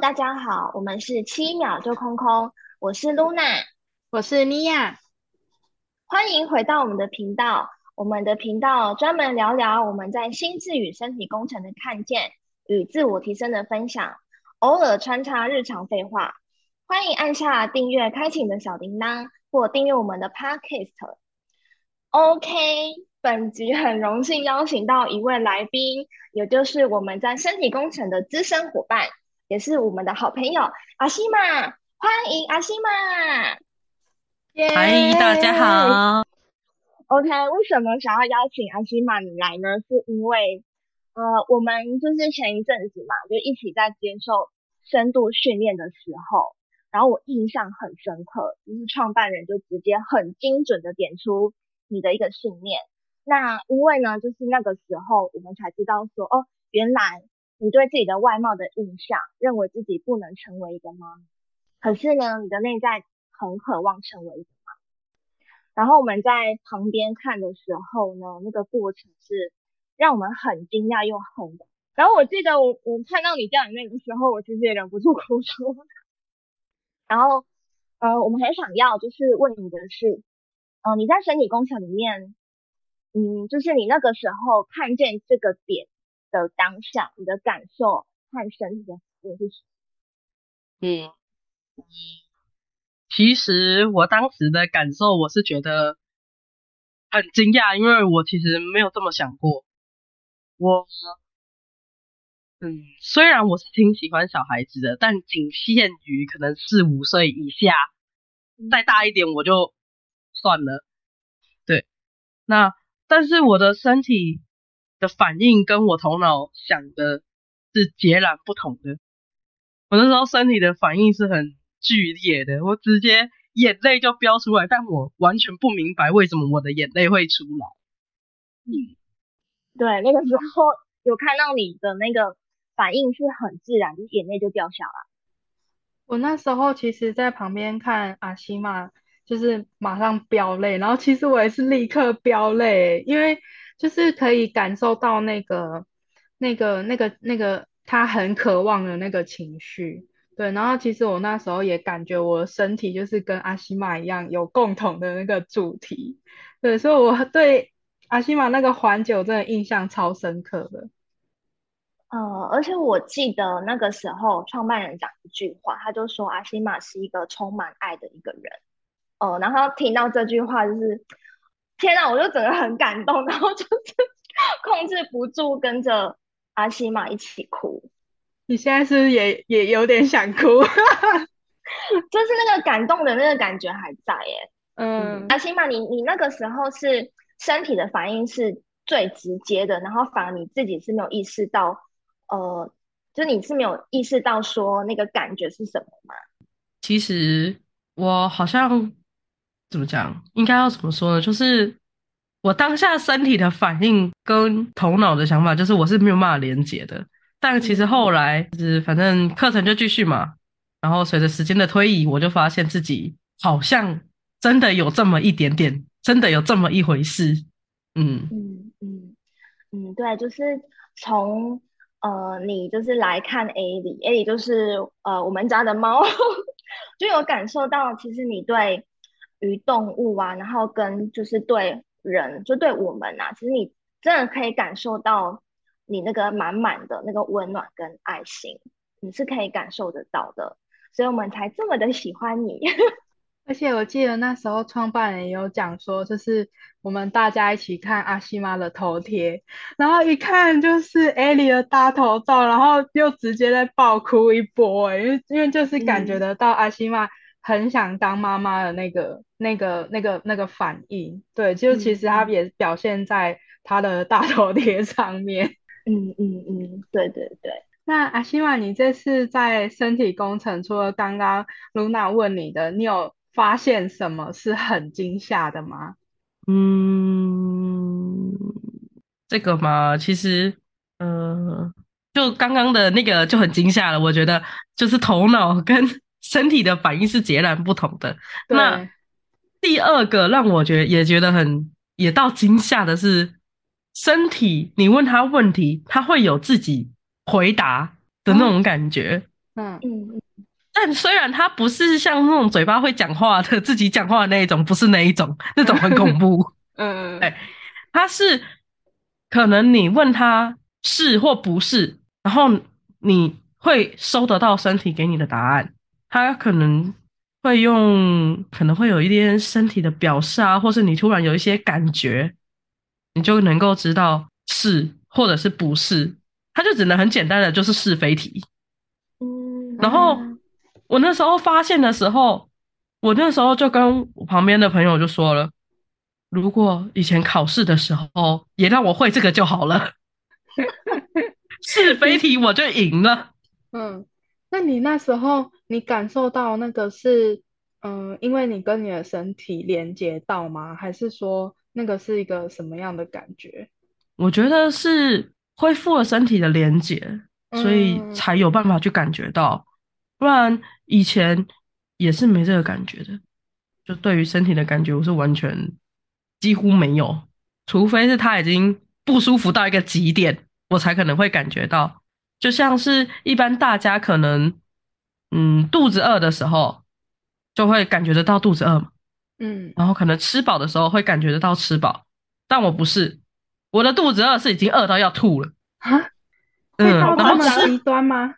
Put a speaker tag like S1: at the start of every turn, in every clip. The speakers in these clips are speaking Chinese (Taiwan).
S1: 大家好，我們是七秒就空空，我是露娜，我是妮婭。歡迎回到我們的頻道，我們的頻道專門聊聊我們在心智與身體工程的看見與自我提升的分享，偶爾穿插日常廢話。歡迎按下訂閱，開啟你的小鈴鐺，或訂閱我們的 Podcast。OK，本集很榮幸邀請到一位來賓，也就是我們在身體工程的資深夥伴。也是我們的好朋友阿西瑪，歡迎阿西瑪，迎、yeah、嗨、大家好。OK，為什麼想要邀請阿西瑪你來呢？是因為，呃，我們就是前一陣子嘛，就一起在接受深度訓練的時候，然後我印象很深刻，就是創辦人就直接很精準的點出你的一個信念。那因為呢，就是那個時候我們才知道說，哦，原來。你對自己的外貌的印象，認為自己不能成為一個媽，可是呢，你的內在很渴望成為一個媽。然後我們在旁邊看的時候呢，那個過程是讓我們很驚訝又很……然後我記得我我看到你掉眼淚的那個時候，我其實也忍不住哭出。 然後，呃，我們很想要就是問你的是，呃，你在身體工程裡面，嗯，就是你那個時候看見這個點。的當下，你的感受和身體的是？嗯，其實我當時的感受，我是覺得很驚訝，因為我其實沒有這麼想過。我，嗯，嗯，雖然我是挺喜歡小孩子的，但僅限於可能四五歲以下，再大一點我就算了。對，那但是我的身體。的反應跟我頭腦想的是截然不同的。我那時候身體的反應是很劇烈的，我直接眼淚就飆出來，但我完全不明白為什麼我的眼淚會出來。嗯，對，那個時候有看到你的那個反應是很自然，就眼淚就掉下來。
S2: 我那時候其實，在旁邊看阿西瑪，就是馬上飆淚，然後其實我也是立刻飆淚，因為。就是可以感受到那個、那個、那個、那個他很渴望的那個情緒，對。然後其實我那時候也感覺我身體就是跟阿西瑪一樣有共同的那個主題，對。所以我對阿西瑪那個環節我真的印象超深刻的。嗯、呃，而且我記得
S1: 那個時候創辦人講一句話，他就說阿西瑪是一個充滿愛的一個人。哦、呃，然後聽到這句話就是。天啊，我就整個很感動，然後就是控制不住跟着阿西瑪一起哭。
S2: 你現在是不是也也有點想哭？ 就是那個感動的那個感
S1: 覺還在耶。嗯，嗯阿西瑪，你你那個時候是身體的反應是最直接的，然後反而你自己是沒有意識到，呃，就是、你是沒有意識到說那個感覺是什麼嗎？
S3: 其實我好像。怎麼講？應該要怎麼說呢？就是我當下身體的反應跟頭腦的想法，就是我是沒有辦法連接的。但其實後來就是，反正課程就繼續嘛。然後隨着時間的推移，我就發現自己好像真的有這麼一點點，真的有這麼一回事。嗯嗯嗯
S1: 嗯，對，就是從呃，你就是來看 A 里，A 里就是呃，我們家的貓， 就有感受到其實你對。與動物啊，然後跟就是對人，就對我們啊，其實你真的可以感受到你那個滿滿的那個溫暖跟愛心，
S2: 你是可以感受得到的，所以我們才這麼的喜歡你。 而且我記得那時候創辦人有講說，就是我們大家一起看阿西媽的頭貼，然後一看就是艾莉的大頭照，然後又直接在爆哭一波，欸，因為因為就是感覺得到阿西媽。很想當媽媽的那個、那個、那個、那個反應，對，就其實他也表現在他的大頭貼上面。 嗯嗯嗯，對對對。那阿希瑪，你這次在身體工程，除了剛剛嚕那問你的，你有發現什麼是很驚嚇的嗎？
S3: 嗯，這個嘛，其實，嗯、呃，就剛剛的那個就很驚嚇了，我覺得就是頭腦跟。 身體的反應是截然不同的。那第二個讓我覺得也覺得很也到驚嚇的是，身體你問他問題，他會有自己回答的那種感覺。嗯、
S2: 啊、
S3: 嗯嗯。但雖然他不是像那種嘴巴會講話的自己講話的那一種，不是那一種， 那種很恐怖。 嗯嗯嗯。對，他是可能你問他是或不是，然後你會收得到身體給你的答案。他可能會用，可能會有一點身體的表示啊，或是你突然有一些感覺，你就能夠知道是或者是不是。他就只能很簡單的就是是非題。嗯，然後，嗯，我那時候發現的時候，我那時候就跟我旁邊的朋友就說了，如果以前考試的時候也讓我會這個就好了， 是非題我就贏了。嗯。
S2: 那你那時候，你感受到那個是，嗯，因為你跟你的身體連接到嗎？還是說那個是一個什麼樣的感覺？
S3: 我覺得是恢復了身體的連接，所以才有辦法去感覺到。嗯。不然以前也是沒這個感覺的。就對於身體的感覺，我是完全幾乎沒有，除非是他已經不舒服到一個極點，我才可能會感覺到。就像是一般大家可能，嗯，肚子餓的時候，就會感覺得到肚子餓嘛，嗯，然後可能吃飽的時候會感覺得到吃飽，但我不是，我的肚子餓是已經餓到要吐了啊、嗯，會到
S2: 一端嗎吃？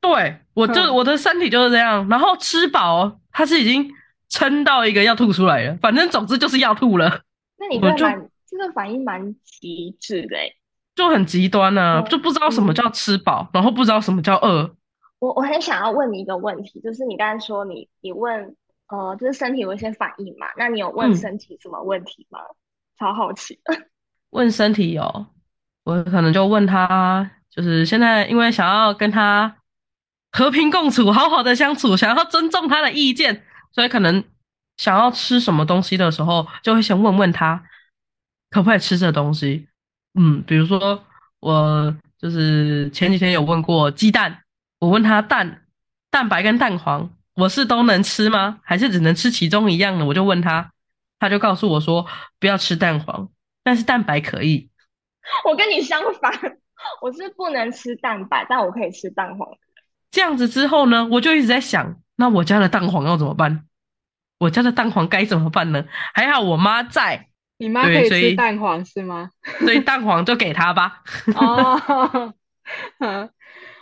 S3: 對，我就我的身體就是這樣，然後吃飽它是已經撐到一個要吐出來了，反正總之就是要吐
S1: 了。那你會蠻這個反應蠻極
S3: 致的就很極端呢、啊嗯，就不知道什麼叫吃飽、嗯，然後不知道什麼叫餓。
S1: 我我很想要問你一個問題，就是你剛才說你你問呃，就是身體有一些反應嘛？那你有問身體什麼問題嗎？嗯、超好奇。
S3: 問身體有、哦，我可能就問他，就是現在因為想要跟他和平共處，好好的相處，想要尊重他的意見，所以可能想要吃什麼東西的時候，就會先問問他，可不可以吃這東西。嗯，比如說我就是前幾天有問過雞蛋，我問他蛋，蛋白跟蛋黃，我是都能吃嗎？還是只能吃其中一樣呢？我就問他，他就告訴我說不要吃蛋黃，但是蛋白可以。
S1: 我跟你相反，我是不能吃蛋白，但我可以吃蛋黃。
S3: 這樣子之後呢，我就一直在想，那我家的蛋黃要怎麼辦？我家的蛋黃該怎麼辦呢？還好我媽在。你媽可以吃蛋
S2: 黃是嗎？
S3: 對，所以，所以蛋黃就給她吧 哦。
S2: 哦、啊，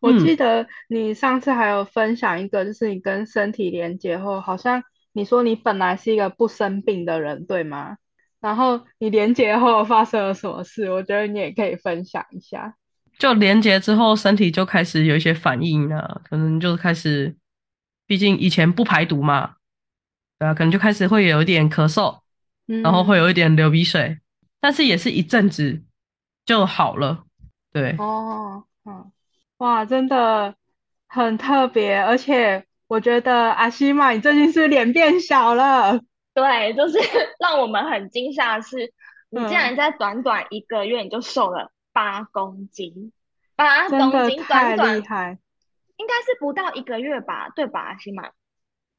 S2: 我記得你上次還有分享一個，就是你跟身體連結後，好像你說你本來是一個不生病的人，對嗎？然後你連結後發生了什麼事？我覺得你也可以分享一下。
S3: 就連結之後，身體就開始有一些反應了。啊，可能就開始，畢竟以前不排毒嘛，對啊，可能就開始會有一點咳嗽。然後會有一點流鼻水、嗯，但是也是一陣子就好了。對
S2: 哦，嗯，哇，真的很特別。而且我覺得阿西瑪，你最近是臉變小了。
S1: 對，就是讓我們很驚嚇的，是你竟然在短短一個月你就瘦了八公斤，
S2: 八、嗯、公斤，太厲害。短短，
S1: 應該，是不到一個月吧？對吧，阿西瑪？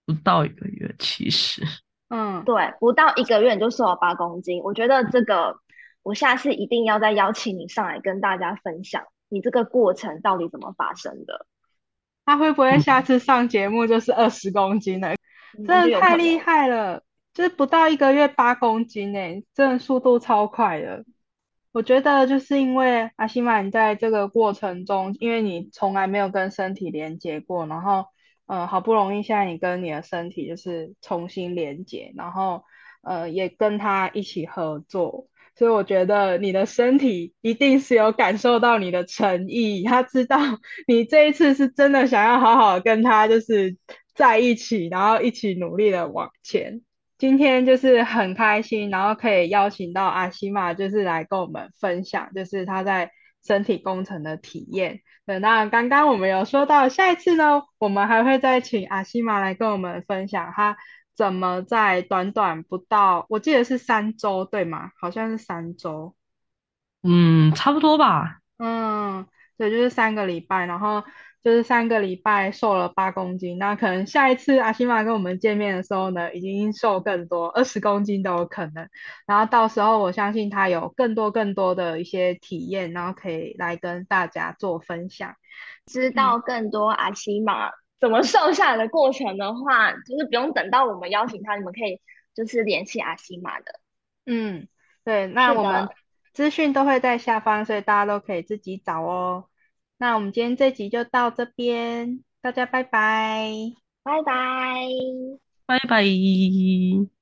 S3: 不到一個月，其實。
S1: 嗯，對，不到一個月你就瘦了八公斤，我覺得這個我下次一定要再邀請你上來跟大家分享，你這個過程到底怎麼發生的？
S2: 他會不會下次上節目就是二十公斤呢、嗯？真的太厲害了，嗯、就是不到一個月八公斤呢、欸，真的速度超快的。我覺得就是因為阿西瑪，你在這個過程中，因為你從來沒有跟身體連接過，然後。呃，好不容易現在你跟你的身體就是重新連接，然後呃也跟他一起合作，所以我覺得你的身體一定是有感受到你的誠意，他知道你這一次是真的想要好好跟他就是在一起，然後一起努力的往前。今天就是很開心，然後可以邀請到 Aseema 就是來跟我們分享，就是他在。身體工程的體驗，對，那剛剛我們有說到，下一次呢，我們還會再請阿西瑪來跟我們分享他怎麼在短短不到，我記得是三週，對嗎？好像是三週，嗯，
S3: 差不多吧，
S2: 嗯。對，就是三個禮拜，然後就是三個禮拜瘦了八公斤。那可能下一次阿西瑪跟我們見面的時候呢，已經瘦更多，二十公斤都有可能。然後到時候我相信她有更多更多的一些體驗，然後可以來跟大家做分享，知道更
S1: 多阿西瑪、嗯、怎麼瘦下來的過程的話，就是不用等到我們邀請她，你們可以就是聯繫阿西瑪的。
S2: 嗯，對，那我們。資訊都會在下方，所以大家都可以自己找哦。那我們今天這集就到這邊，大家拜拜，拜拜，
S3: 拜拜。